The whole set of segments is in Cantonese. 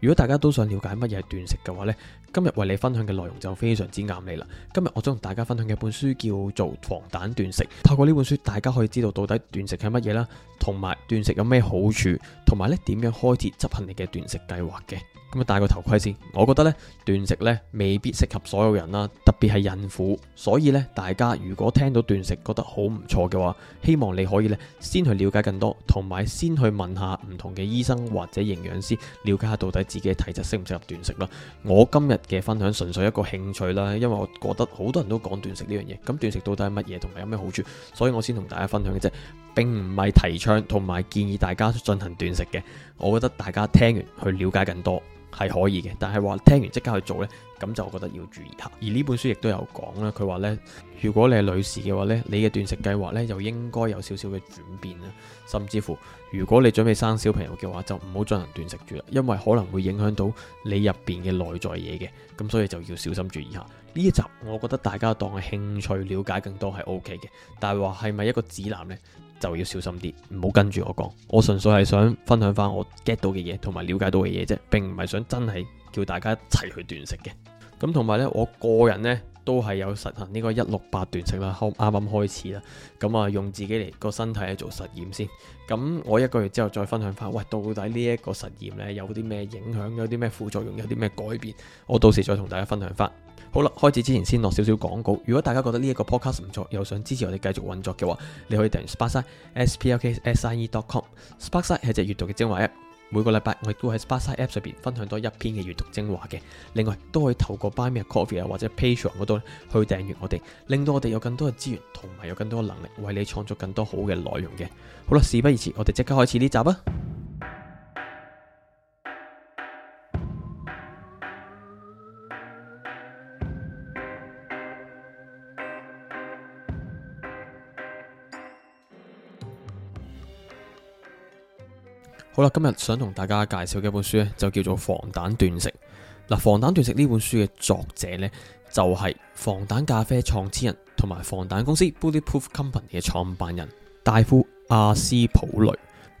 如果大家都想了解乜嘢係斷食嘅話呢，今日為你分享嘅內容就非常之啱你啦。今日我將同大家分享嘅本書叫做《防彈斷食》，透過呢本書，大家可以知道到底斷食係乜嘢啦，同埋斷食有咩好處，同埋咧點樣開始執行你嘅斷食計劃嘅。咁啊，戴個頭盔先。我覺得咧，斷食咧未必適合所有人啦，特別係孕婦。所以咧，大家如果聽到斷食覺得好唔錯嘅話，希望你可以咧先去了解更多，同埋先去問下唔同嘅醫生或者營養師，了解下到底自己嘅體質適唔適合斷食啦。我今日嘅分享純粹一個興趣啦，因為我覺得好多人都講斷食呢樣嘢，咁斷食到底係乜嘢，同埋有咩好處，所以我先同大家分享嘅啫，並唔係提倡同埋建議大家進行斷食嘅。我覺得大家聽完去了解更多，係可以嘅，但係話聽完即刻去做呢，咁就我覺得要注意下。而呢本書亦都有講啦，佢話呢，如果你係女士嘅話呢，你嘅斷食計劃呢，又應該有少少嘅轉變啦，甚至乎如果你準備生小朋友嘅話，就唔好進行斷食住啦，因為可能會影響到你入邊嘅內在嘢嘅，咁所以就要小心注意下。呢一集我覺得大家當係興趣了解更多係 OK 嘅，但係話係咪一個指南呢？就要小心啲，唔好跟住我講。我純粹係想分享返我 get 到嘅嘢同埋了解到嘅嘢啫，並唔係想真係叫大家一齊去斷食嘅。咁同埋呢，我個人呢。都係有實行呢個一六八斷食啦，啱啱開始啦。咁啊，用自己嚟個身體去做實驗先。咁我一個月之後再分享翻。喂，到底呢一個實驗呢有啲咩影響，有啲咩副作用，有啲咩改變？我到時再同大家分享翻。好啦，開始之前先落少少廣告。如果大家覺得呢一個 podcast 唔錯，又想支持我哋繼續運作嘅話，你可以訂閱 s p a r k s e s p l k s i e dot com sparkside 係隻閲讀嘅精華 app。每個禮拜我亦都喺 Spotify app 上邊分享多一篇嘅閱讀精華嘅，另外都可以透過 Buy me a coffee 啊或者 Patreon 嗰度去訂閱我哋，令到我哋有更多嘅資源同埋有更多嘅能力為你創作更多好嘅內容嘅。好啦，事不宜遲，我哋即刻開始呢集啊！好啦，今日想同大家介紹嘅一本書咧，就叫做《防彈斷食》。嗱，《防彈斷食》呢本書嘅作者咧，就係防彈咖啡創始人同埋防彈公司 Bulletproof Company 嘅創辦人戴夫·阿斯普雷。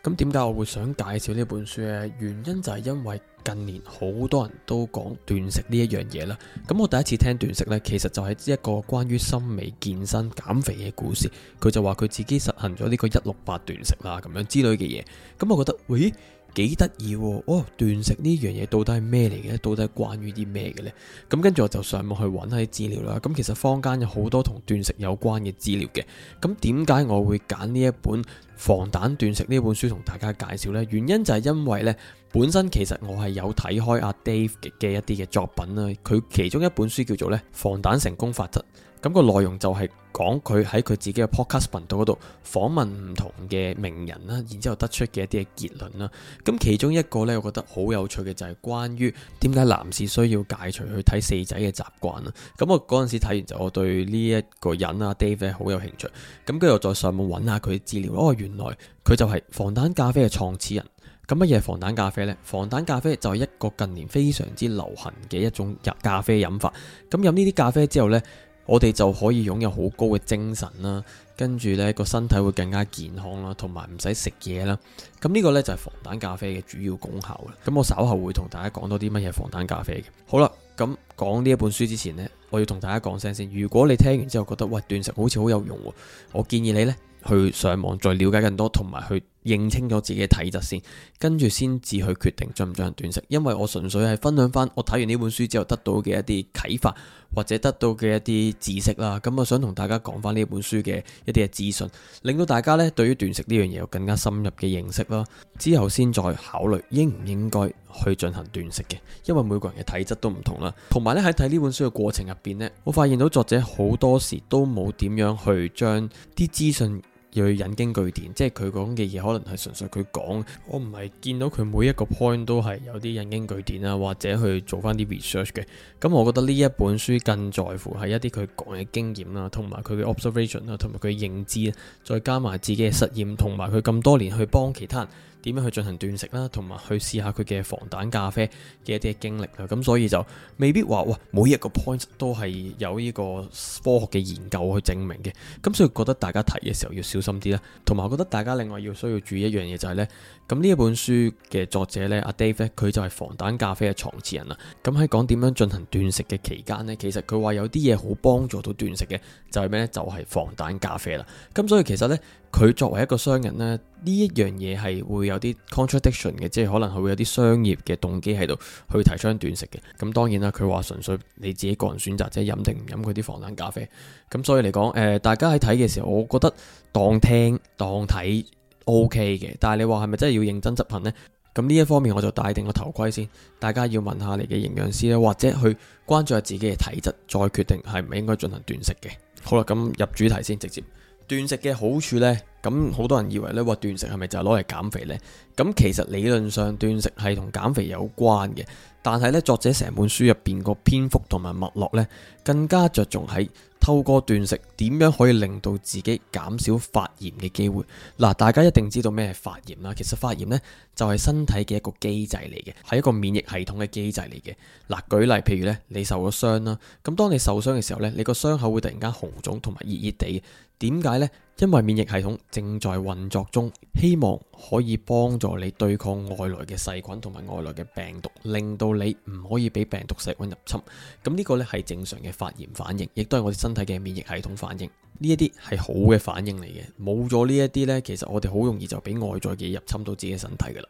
咁點解我會想介紹呢本書咧？原因就係因為。近年好多人都講斷食呢一樣嘢啦，咁我第一次聽斷食呢，其實就係一個關於心理、健身、減肥嘅故事，佢就話佢自己實行咗呢個一六八斷食啦，咁樣之類嘅嘢，咁我覺得，喂，幾得意哦！斷食呢樣嘢到底係咩嚟嘅？到底係關於啲咩嘅呢？咁跟住我就上網去揾下啲資料啦。咁其實坊間有好多同斷食有關嘅資料嘅，咁點解我會揀呢一本？防彈斷食呢本書同大家介紹呢，原因就係因為呢，本身其實我係有睇開阿 Dave 嘅一啲嘅作品啦，佢其中一本書叫做咧，防彈成功法則，咁個內容就係講佢喺佢自己嘅 podcast 頻道嗰度訪問唔同嘅名人啦，然之後得出嘅一啲嘅結論啦，咁其中一個呢，我覺得好有趣嘅就係關於點解男士需要解除去睇四仔嘅習慣啦，咁我嗰陣時睇完，就我對呢一個人啊 Dave 好有興趣，咁跟住我再上網揾下佢嘅資料，哦原來佢就係防彈咖啡嘅創始人。咁乜嘢係防彈咖啡呢？防彈咖啡就係一個近年非常之流行嘅一種飲咖啡飲法。咁飲呢啲咖啡之後呢，我哋就可以擁有好高嘅精神啦，跟住呢個身體會更加健康啦，同埋唔使食嘢啦。咁呢個呢，就係防彈咖啡嘅主要功效嘅。咁我稍後會同大家講多啲乜嘢防彈咖啡嘅。好啦，咁講呢一本書之前呢，我要同大家講聲先。如果你聽完之後覺得喂斷食好似好有用喎，我建議你呢。去上網再了解更多，同埋去，認清楚自己嘅體質先，跟住先至去決定進唔進行斷食。因為我純粹係分享翻我睇完呢本書之後得到嘅一啲啟發，或者得到嘅一啲知識啦。咁、嗯、我想同大家講翻呢本書嘅一啲嘅資訊，令到大家咧對於斷食呢樣嘢有更加深入嘅認識咯。之後先再考慮應唔應該去進行斷食嘅，因為每個人嘅體質都唔同啦。同埋咧喺睇呢本書嘅過程入邊呢，我發現到作者好多時都冇點樣去將啲資訊。要去引經據典，即係佢講嘅嘢，可能係純粹佢講。我唔係見到佢每一個 point 都係有啲引經據典啊，或者去做翻啲 research 嘅。咁我覺得呢一本書更在乎係一啲佢講嘅經驗啦，同埋佢嘅 observation 啊，同埋佢嘅認知，再加埋自己嘅實驗，同埋佢咁多年去幫其他人。點樣去進行斷食啦，同埋去試下佢嘅防彈咖啡嘅一啲經歷啦，咁所以就未必話哇每一個 point 都係有呢個科學嘅研究去證明嘅，咁所以覺得大家睇嘅時候要小心啲啦，同埋我覺得大家另外要需要注意一樣嘢就係呢。咁呢一本書嘅作者呢，阿 Dave 呢，佢就係防彈咖啡嘅創始人啦，咁喺講點樣進行斷食嘅期間呢，其實佢話有啲嘢好幫助到斷食嘅，就係咩呢？就係防彈咖啡啦，咁所以其實呢。佢作為一個商人呢，呢一樣嘢係會有啲 contradiction 嘅，即係可能佢會有啲商業嘅動機喺度去提倡斷食嘅。咁當然啦，佢話純粹你自己個人選擇，即係飲定唔飲佢啲防彈咖啡。咁所以嚟講，誒、呃、大家喺睇嘅時候，我覺得當聽當睇 OK 嘅。但係你話係咪真係要認真執行呢？咁呢一方面我就戴定個頭盔先，大家要問下你嘅營養師咧，或者去關注下自己嘅體質，再決定係唔係應該進行斷食嘅。好啦，咁入主題先，直接。斷食嘅好處呢，咁好多人以為呢話斷食係咪就係攞嚟減肥呢？咁其實理論上斷食係同減肥有關嘅，但係呢，作者成本書入邊個篇幅同埋脈絡呢，更加着重喺透過斷食，點樣可以令到自己減少發炎嘅機會？嗱，大家一定知道咩係發炎啦。其實發炎呢，就係身體嘅一個機制嚟嘅，係一個免疫系統嘅機制嚟嘅。嗱，舉例譬如呢，你受咗傷啦，咁當你受傷嘅時候呢，你個傷口會突然間紅腫同埋熱熱地。點解呢？因為免疫系統正在運作中，希望可以幫助你對抗外來嘅細菌同埋外來嘅病毒，令到你唔可以俾病毒細菌入侵。咁呢個呢，係正常嘅發炎反應，亦都係我哋身體嘅免疫系統反應呢一啲係好嘅反應嚟嘅，冇咗呢一啲呢，其實我哋好容易就俾外在嘅嘢入侵到自己身體噶啦。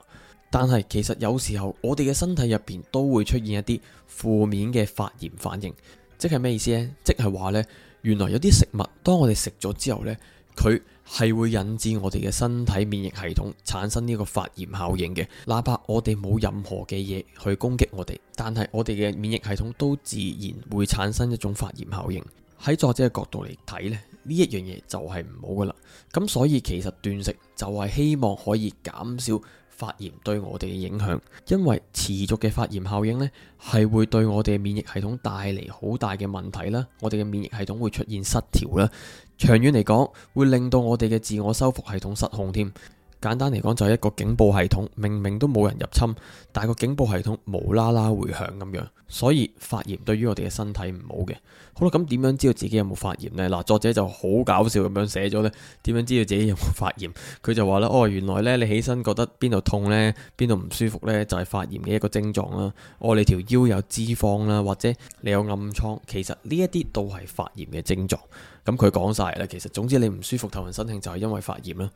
但係其實有時候我哋嘅身體入邊都會出現一啲負面嘅發炎反應，即係咩意思呢？即係話呢，原來有啲食物當我哋食咗之後呢，佢係會引致我哋嘅身體免疫系統產生呢個發炎效應嘅，哪怕我哋冇任何嘅嘢去攻擊我哋，但係我哋嘅免疫系統都自然會產生一種發炎效應。喺作者嘅角度嚟睇呢，呢一樣嘢就係唔好㗎喇。咁所以其實斷食就係希望可以減少發炎對我哋嘅影響，因為持續嘅發炎效應呢，係會對我哋嘅免疫系統帶嚟好大嘅問題啦。我哋嘅免疫系統會出現失調啦，長遠嚟講會令到我哋嘅自我修復系統失控添。簡單嚟講就係一個警報系統，明明都冇人入侵，但係個警報系統無啦啦迴響咁樣，所以發炎對於我哋嘅身體唔好嘅。好啦，咁點樣知道自己有冇發炎呢？嗱，作者就好搞笑咁樣寫咗呢：「點樣知道自己有冇發炎？」佢就話啦，哦，原來呢，你起身覺得邊度痛呢？邊度唔舒服呢？就係、是、發炎嘅一個症狀啦。哦，你條腰有脂肪啦，或者你有暗瘡，其實呢一啲都係發炎嘅症狀。咁佢講晒啦，其實總之你唔舒服頭暈身㷫就係因為發炎啦。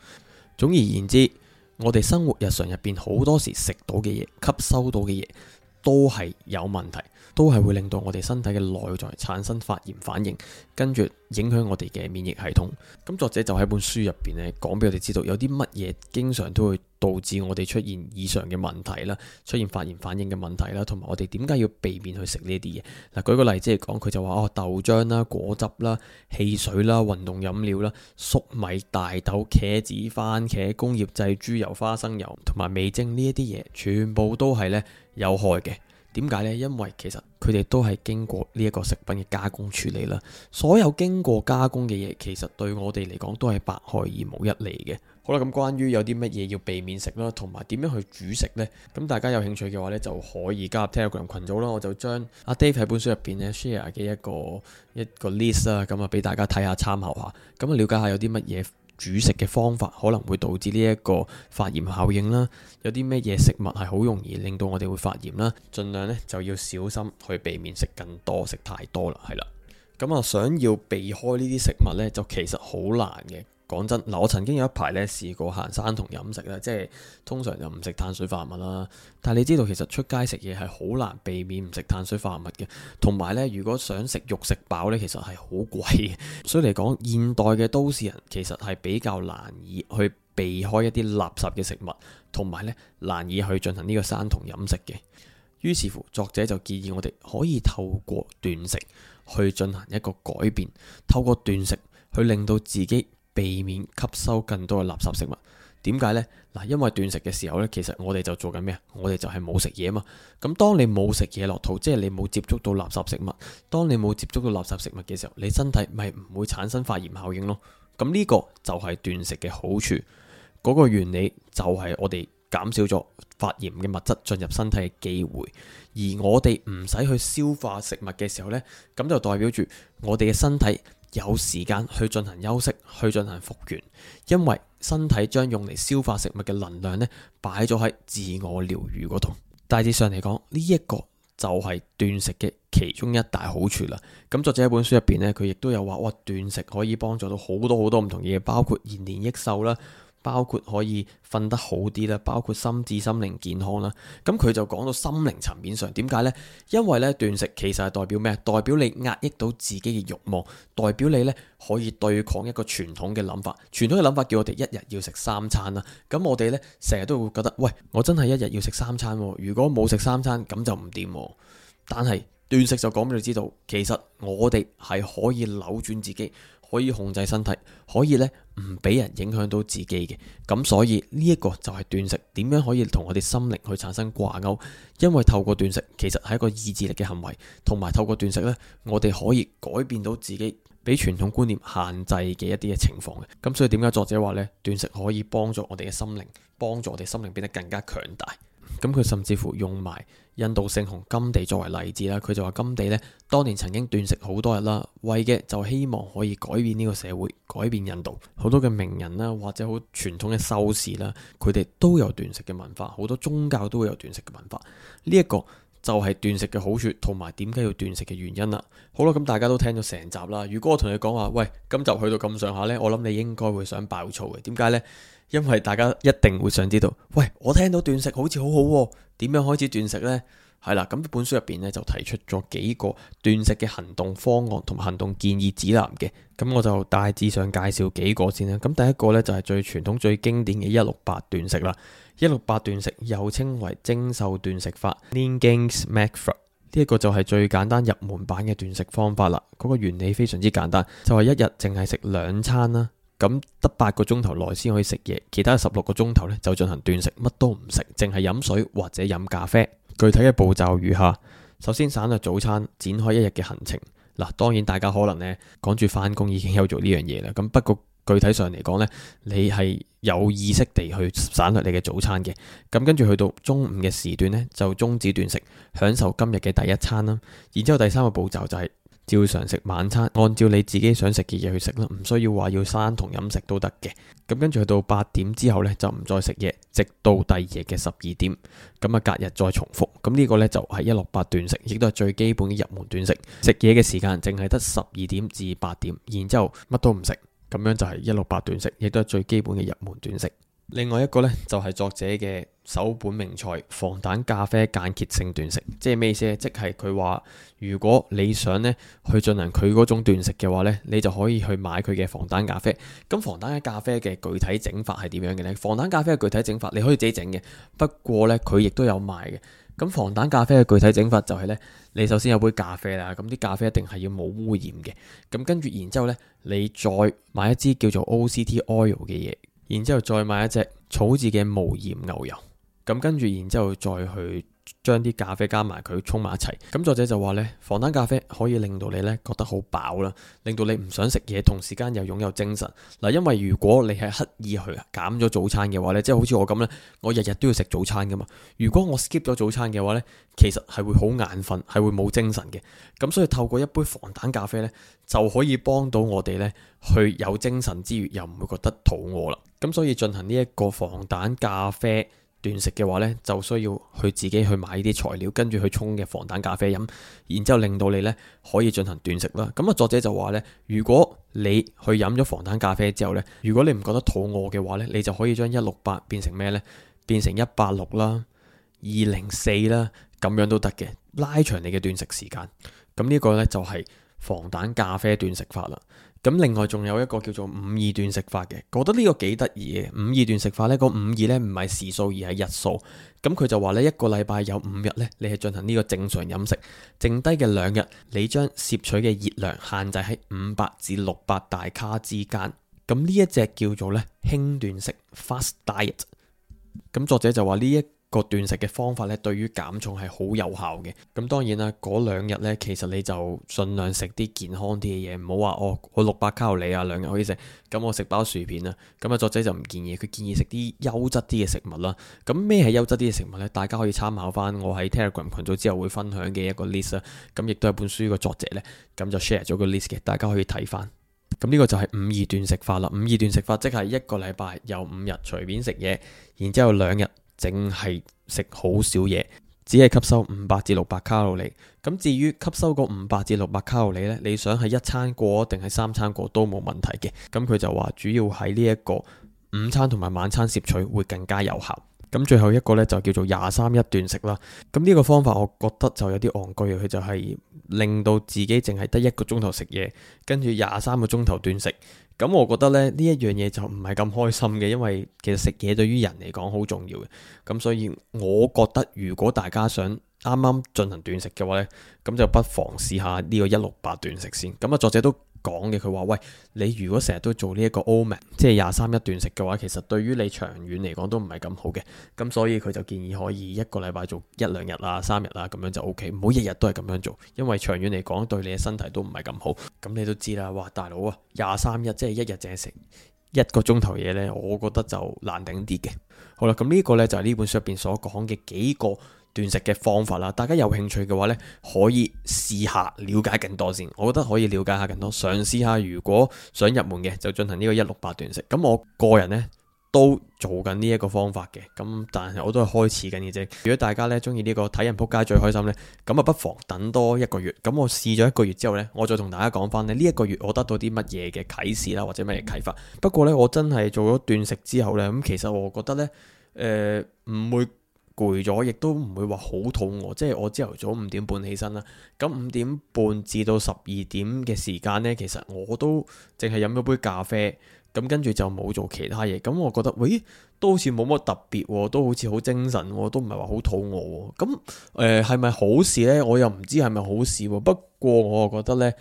總而言之，我哋生活日常入邊好多時食到嘅嘢，吸收到嘅嘢，都係有問題，都係會令到我哋身體嘅內臟產生發炎反應，跟住影響我哋嘅免疫系統。咁作者就喺本書入邊咧，講俾我哋知道有啲乜嘢經常都會。導致我哋出現以上嘅問題啦，出現發炎反應嘅問題啦，同埋我哋點解要避免去食呢啲嘢？嗱，舉個例子嚟講，佢就話哦，豆漿啦、果汁啦、汽水啦、運動飲料啦、粟米、大豆、茄子、番茄、工業製豬油、花生油同埋味精呢一啲嘢，全部都係呢有害嘅。點解呢？因為其實佢哋都係經過呢一個食品嘅加工處理啦。所有經過加工嘅嘢，其實對我哋嚟講都係百害而無一利嘅。好啦，咁關於有啲乜嘢要避免食啦，同埋點樣去煮食呢？咁大家有興趣嘅話呢，就可以加入 Telegram 群組啦。我就將阿 Dave 喺本書入邊呢 share 嘅一個一個 list 啊，咁啊俾大家睇下參考下，咁啊了解下有啲乜嘢。煮食嘅方法可能會導致呢一個發炎效應啦，有啲咩嘢食物係好容易令到我哋會發炎啦，盡量呢就要小心去避免食更多、食太多啦，係啦，咁、嗯、啊想要避開呢啲食物呢，就其實好難嘅。講真嗱，我曾經有一排咧試過行山同飲食咧，即係通常就唔食碳水化合物啦。但係你知道其實出街食嘢係好難避免唔食碳水化合物嘅，同埋咧，如果想食肉食飽咧，其實係好貴。所以嚟講，現代嘅都市人其實係比較難以去避開一啲垃圾嘅食物，同埋咧難以去進行呢個山同飲食嘅。於是乎，作者就建議我哋可以透過斷食去進行一個改變，透過斷食去令到自己。避免吸收更多嘅垃圾食物，點解呢？嗱，因為斷食嘅時候呢，其實我哋就做緊咩啊？我哋就係冇食嘢嘛。咁當你冇食嘢落肚，即係你冇接觸到垃圾食物。當你冇接觸到垃圾食物嘅時候，你身體咪唔會產生發炎效應咯。咁呢個就係斷食嘅好處，嗰個原理就係我哋減少咗發炎嘅物質進入身體嘅機會。而我哋唔使去消化食物嘅時候呢，咁就代表住我哋嘅身體。有時間去進行休息，去進行復原，因為身體將用嚟消化食物嘅能量呢，擺咗喺自我療癒嗰度。大致上嚟講，呢一個就係斷食嘅其中一大好處啦。咁作者喺本書入邊呢，佢亦都有話，哇，斷食可以幫助到好多好多唔同嘢，包括延年益壽啦。包括可以瞓得好啲啦，包括心智、心靈健康啦。咁佢就講到心靈層面上，點解呢？因為咧，斷食其實係代表咩？代表你壓抑到自己嘅慾望，代表你呢可以對抗一個傳統嘅諗法。傳統嘅諗法叫我哋一日要食三餐啦。咁我哋呢成日都會覺得，喂，我真係一日要食三、哦、三餐喎。如果冇食三餐，咁就唔掂。但係斷食就講俾你知道，其實我哋係可以扭轉自己。可以控制身體，可以咧唔俾人影響到自己嘅，咁所以呢一個就係斷食，點樣可以同我哋心靈去產生掛鈎？因為透過斷食，其實係一個意志力嘅行為，同埋透過斷食咧，我哋可以改變到自己，俾傳統觀念限制嘅一啲嘅情況嘅。咁所以點解作者話呢？斷食可以幫助我哋嘅心靈，幫助我哋心靈變得更加強大。咁佢甚至乎用埋印度聖雄甘地作為例子啦，佢就話甘地咧，當年曾經斷食好多日啦，為嘅就希望可以改變呢個社會，改變印度。好多嘅名人啦，或者好傳統嘅修士啦，佢哋都有斷食嘅文化，好多宗教都會有斷食嘅文化。呢一個就係斷食嘅好處，同埋點解要斷食嘅原因啦。好啦，咁大家都聽咗成集啦。如果我同你講話，喂，今集去到咁上下呢，我諗你應該會想爆粗嘅。點解呢？因為大家一定會想知道，喂，我聽到斷食好似好好，啊，點樣開始斷食呢？係啦，咁本書入邊咧就提出咗幾個斷食嘅行動方案同行動建議指南嘅，咁我就大致上介紹幾個先啦。咁第一個呢，就係、是、最傳統、最經典嘅一六八斷食啦，一六八斷食又稱為精瘦斷食法 l i n g i n g Macfar），呢一個就係最簡單入門版嘅斷食方法啦。嗰、這個原理非常之簡單，就係、是、一日淨係食兩餐啦。咁得八個鐘頭內先可以食嘢，其他十六個鐘頭呢就進行斷食，乜都唔食，淨係飲水或者飲咖啡。具體嘅步驟如下：首先省略早餐，展開一日嘅行程。嗱，當然大家可能呢趕住翻工，已經有做呢樣嘢啦。咁不過具體上嚟講呢，你係有意識地去省略你嘅早餐嘅。咁跟住去到中午嘅時段呢，就終止斷食，享受今日嘅第一餐啦。然之後第三個步驟就係、是。照常食晚餐，按照你自己想食嘅嘢去食啦，唔需要話要生同飲食都得嘅。咁跟住去到八點之後呢，就唔再食嘢，直到第二日嘅十二點，咁、嗯、啊隔日再重複。咁、嗯、呢、這個呢，就係、是、一六八斷食，亦都係最基本嘅入門斷食。食嘢嘅時間淨係得十二點至八點，然之後乜都唔食，咁樣就係一六八斷食，亦都係最基本嘅入門斷食。另外一個呢，就係作者嘅首本名菜防彈咖啡間歇性斷食，即係咩意思？即係佢話，如果你想呢去進行佢嗰種斷食嘅話呢，你就可以去買佢嘅防彈咖啡。咁防彈咖啡嘅具體整法係點樣嘅呢？防彈咖啡嘅具體整法你可以自己整嘅，不過呢，佢亦都有賣嘅。咁防彈咖啡嘅具體整法就係呢：你首先有杯咖啡啦，咁啲咖啡一定係要冇污染嘅。咁跟住然之後呢，你再買一支叫做 OCT Oil 嘅嘢。然之後再買一隻草飼嘅無鹽牛油，咁跟住，然之後再去。將啲咖啡加埋佢沖埋一齊，咁作者就話呢：「防彈咖啡可以令到你呢覺得好飽啦，令到你唔想食嘢，同時間又擁有精神。嗱，因為如果你係刻意去減咗早餐嘅話呢，即係好似我咁呢，我日日都要食早餐噶嘛。如果我 skip 咗早餐嘅話呢，其實係會好眼瞓，係會冇精神嘅。咁所以透過一杯防彈咖啡呢，就可以幫到我哋呢去有精神之餘，又唔會覺得肚餓啦。咁所以進行呢一個防彈咖啡。斷食嘅話呢，就需要去自己去買啲材料，跟住去沖嘅防彈咖啡飲，然之後令到你呢可以進行斷食啦。咁啊，作者就話呢，如果你去飲咗防彈咖啡之後呢，如果你唔覺得肚餓嘅話呢，你就可以將一六八變成咩呢？變成一八六啦、二零四啦，咁樣都得嘅，拉長你嘅斷食時間。咁呢個呢，就係、是。防彈咖啡斷食法啦，咁另外仲有一個叫做五二斷食法嘅，覺得呢個幾得意嘅。五二斷食法呢個五二呢唔係時數而係日數，咁佢就話呢，一個禮拜有五日呢，你係進行呢個正常飲食，剩低嘅兩日你將攝取嘅熱量限制喺五百至六百大卡之間，咁呢一隻叫做呢輕斷食 fast diet，咁作者就話呢一。個斷食嘅方法咧，對於減重係好有效嘅。咁當然啦，嗰兩日呢，其實你就盡量食啲健康啲嘅嘢，唔好話哦我六百卡路里啊，兩日可以食咁我食包薯片啊。咁啊，作者就唔建議，佢建議食啲優質啲嘅食物啦。咁咩係優質啲嘅食物呢？大家可以參考翻我喺 Telegram 群組之後會分享嘅一個 list 啦。咁亦都係本書個作者呢，咁就 share 咗個 list 嘅，大家可以睇翻咁呢個就係五二斷食法啦。五二斷食法即係一個禮拜有五日隨便食嘢，然之後兩日。淨係食好少嘢，只係吸收五百至六百卡路里。咁至於吸收個五百至六百卡路里呢，你想係一餐過定係三餐過都冇問題嘅。咁佢就話主要喺呢一個午餐同埋晚餐攝取會更加有效。咁最後一個呢，就叫做廿三一斷食啦。咁呢個方法我覺得就有啲戇居，佢就係令到自己淨係得一個鐘頭食嘢，跟住廿三個鐘頭斷食。咁我覺得咧呢一樣嘢就唔係咁開心嘅，因為其實食嘢對於人嚟講好重要嘅，咁所以我覺得如果大家想啱啱進行斷食嘅話咧，咁就不妨試下呢個一六八斷食先。咁啊，作者都、講嘅佢話：喂，你如果成日都做呢一個 Oman，即係廿三一斷食嘅話，其實對於你長遠嚟講都唔係咁好嘅。咁所以佢就建議可以一個禮拜做一兩日啊、三日啦、啊，咁樣就 OK，唔好日日都係咁樣做，因為長遠嚟講對你嘅身體都唔係咁好。咁你都知啦，哇，大佬啊，廿三日即係一日凈係食一個鐘頭嘢呢，我覺得就難頂啲嘅。好啦，咁呢個呢，就係、是、呢本書入邊所講嘅幾個。斷食嘅方法啦，大家有興趣嘅話呢，可以試下了解更多先。我覺得可以了解下更多，嘗試下。如果想入門嘅，就進行呢個一六八斷食。咁我個人呢，都做緊呢一個方法嘅，咁但係我都係開始緊嘅啫。如果大家呢中意呢個睇人扑街最開心呢，咁啊不妨等多一個月。咁我試咗一個月之後呢，我再同大家講翻呢呢一個月我得到啲乜嘢嘅啟示啦，或者乜嘢啟發。不過呢，我真係做咗斷食之後呢，咁其實我覺得呢，誒、呃、唔會。攰咗，亦都唔會話好肚餓。即係我朝頭早五點半起身啦，咁五點半至到十二點嘅時間呢，其實我都淨係飲咗杯咖啡，咁跟住就冇做其他嘢。咁我覺得，喂、欸，都好似冇乜特別喎，都好似好精神喎，都唔係話好肚餓喎。咁誒，係咪好事呢？我又唔知係咪好事喎。不過我覺得呢。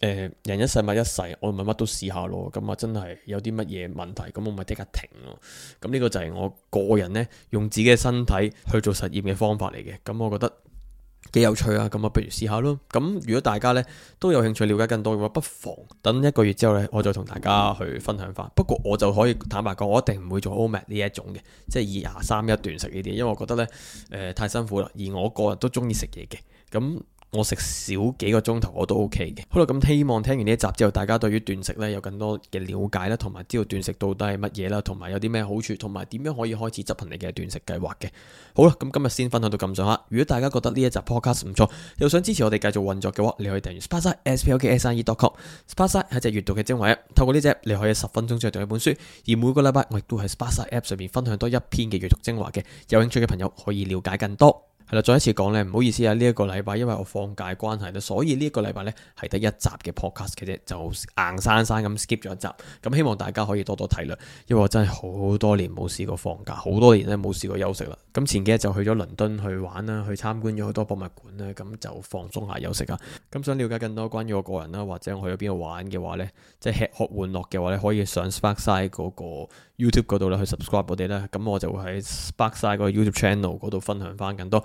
誒，人一世物一世，我咪乜都試下咯，咁啊真係有啲乜嘢問題，咁我咪即刻停咯。咁呢個就係我個人呢，用自己嘅身體去做實驗嘅方法嚟嘅。咁我覺得幾有趣啊，咁啊不如試下咯。咁如果大家呢，都有興趣了解更多嘅話，不妨等一個月之後呢，我再同大家去分享翻。不過我就可以坦白講，我一定唔會做 OMAD 呢一種嘅，即係二廿三一斷食呢啲，因為我覺得呢，誒、呃、太辛苦啦。而我個人都中意食嘢嘅，咁。我食少幾個鐘頭我都 OK 嘅。好、嗯、啦，咁希望聽完呢一集之後，大家對於斷食呢有更多嘅了解啦，同埋知道斷食到底係乜嘢啦，同埋有啲咩好處，同埋點樣可以開始執行你嘅斷食計劃嘅。好啦，咁、嗯、今日先分享到咁上下。如果大家覺得呢一集 Podcast 唔錯，又想支持我哋繼續運作嘅話，你可以訂閱 spksearly.com a SP。Spk a s 係一隻閱讀嘅精華 app，透過呢隻你可以十分鐘之內讀一本書。而每個禮拜我亦都喺 Spk a App 上面分享多一篇嘅閱讀精華嘅。有興趣嘅朋友可以了解更多。係啦，再一次講咧，唔好意思啊！呢一個禮拜因為我放假關係啦，所以呢一個禮拜咧係得一集嘅 podcast 嘅啫，就硬生生咁 skip 咗一集。咁希望大家可以多多體諒，因為我真係好多年冇試過放假，好多年咧冇試過休息啦。咁前幾日就去咗倫敦去玩啦，去參觀咗好多博物館啦，咁就放鬆下休息啊。咁想了解更多關於我個人啦，或者我去咗邊度玩嘅話咧，即係吃喝玩樂嘅話咧，可以上 Sparkside 嗰個 YouTube 嗰度去 subscribe 我哋啦。咁我就會喺 Sparkside 嗰個 YouTube channel 嗰度分享翻更多。